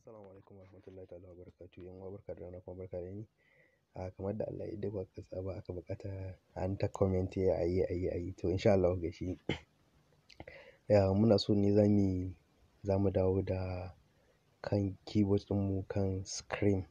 Assalamu alaikum warahmatullahi ta'ala barakatuhu yan uwa barka da rana kuma barka da ni a ah, kamar da Allah ya daba ka tsaba aka bukata an ta comment ya ayi ayi ayi to insha Allah gashi ya muna so ne zamu zamu dawo da kan keyboard ɗin mu kan screen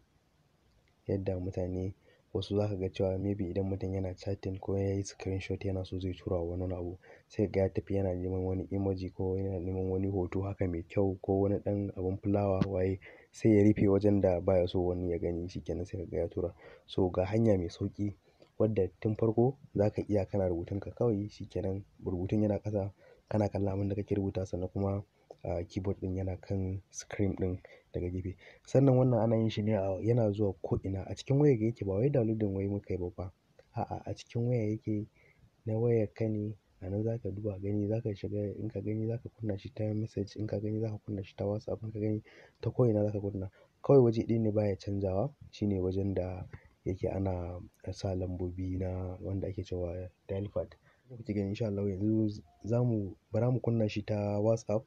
yadda mutane Wasu za ka ga cewa maybe idan mutum yana chatting ko ya yi screenshot yana so zai tura wa wani abu sai ka ga ya tafi yana neman wani emoji ko yana neman wani hoto haka mai kyau ko wani dan abun fulawa waye sai ya rufe wajen da baya so wani ya gani shi kenan sai ka ga ya tura. So ga hanya mai sauki wadda tun farko za ka iya kana ka kawai shi kenan rubutun yana ƙasa kana kallon abin da kake rubuta sannan kuma. ah keyboard ɗin yana kan screen ɗin daga gefe. Sannan wannan ana yin shi ne yana zuwa ko'ina a cikin wayar yake ba wai downloading wai muka yi ba fa. A'a a cikin waya yake na ka ne a nan za ka duba gani za ka shiga in ka gani za ka kunna shi ta message in ka gani za ka kunna shi ta WhatsApp in ka gani ta ko'ina ka kunna. Kawai waje ɗaya ne baya canzawa shine wajen da yake ana sa lambobi na wanda ake cewa dial pad. Kuke gani in sha Allahu yanzu mu bara mu kunna shi ta WhatsApp.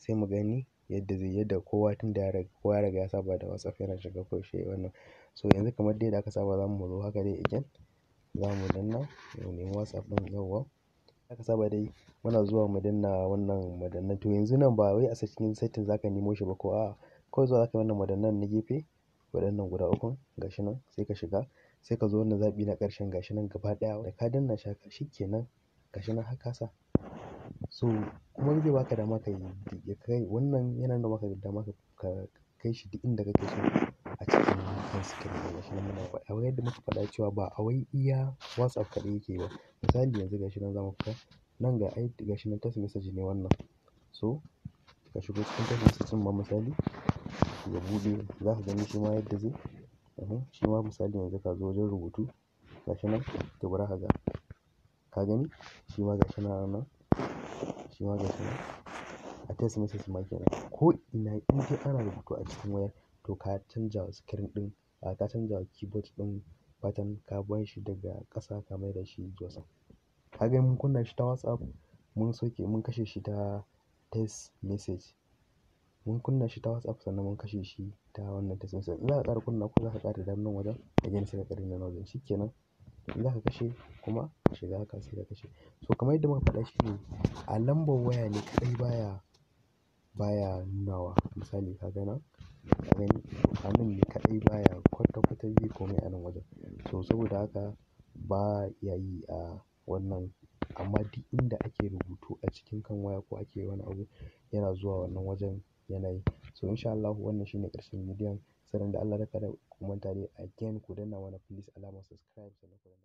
sai mu gani yadda zai yadda kowa tun da kowa ya riga ya saba da WhatsApp yana shiga ko yaushe wannan. So yanzu kamar dai da aka saba zamu zo haka dai again zamu danna mu nemi WhatsApp ɗin yauwa. Aka saba dai muna zuwa mu danna wannan madannan to yanzu nan ba wai a cikin setting zaka nemo shi ba ko a'a. Kawai zuwa za yi wannan madannan na gefe waɗannan guda ukun gashi nan sai ka shiga sai ka zo wannan zaɓi na ƙarshen gashi nan gaba ɗaya da ka danna shi haka shi gashi nan har ka sa. So kuma zai baka dama ka yi kai wannan yana nuna maka dama ka kai shi duk inda kake so a cikin kan screen gashi nan muna faɗa. Kamar yadda muka faɗa cewa ba a wai iya WhatsApp kaɗai yake ba. Misali yanzu gashi nan zamu fita nan ga ai gashi nan text message ne wannan. So ka shigo cikin text message ɗin ma misali ya buɗe za ka gani shi ma yadda zai. Shi ma misali yanzu ka zo wajen rubutu gashi nan to bara ka ga. Ka gani? Shi ma gashi nan nan. shi ma gashi a text message ma kenan. Ko ina in dai ana rubutu a cikin wayar to ka canja wa screen ɗin, ka canja wa keyboard ɗin button ka ba shi daga ƙasa ka mai da shi zuwa sama. Ka ga mun kunna shi ta WhatsApp mun soke mun kashe shi ta text message. Mun kunna shi ta WhatsApp sannan mun kashe shi ta wannan text message. In za ka ƙara kunna ko za ka ƙara nan wajen gani sai ka ƙara danna wajen shi kenan. za ka kashe kuma kashe za ka sai ka kashe. So kamar yadda muka faɗa shi ne a lambar waya ne kaɗai baya, baya nunawa. Misali ka ga nan, ka gani a nan ne kaɗai baya kwata-kwata bai komai a nan wajen. So saboda haka ba ya yi a wannan amma duk inda ake rubutu. cikin kan waya ko ake wani abu yana zuwa wannan wajen yanayi. yi. So in sha Allahu wannan shine ƙarshen bidiyon. Sanin da Allah da kada ku manta dai again ku danna mana please alamar subscribe sannan ku danna.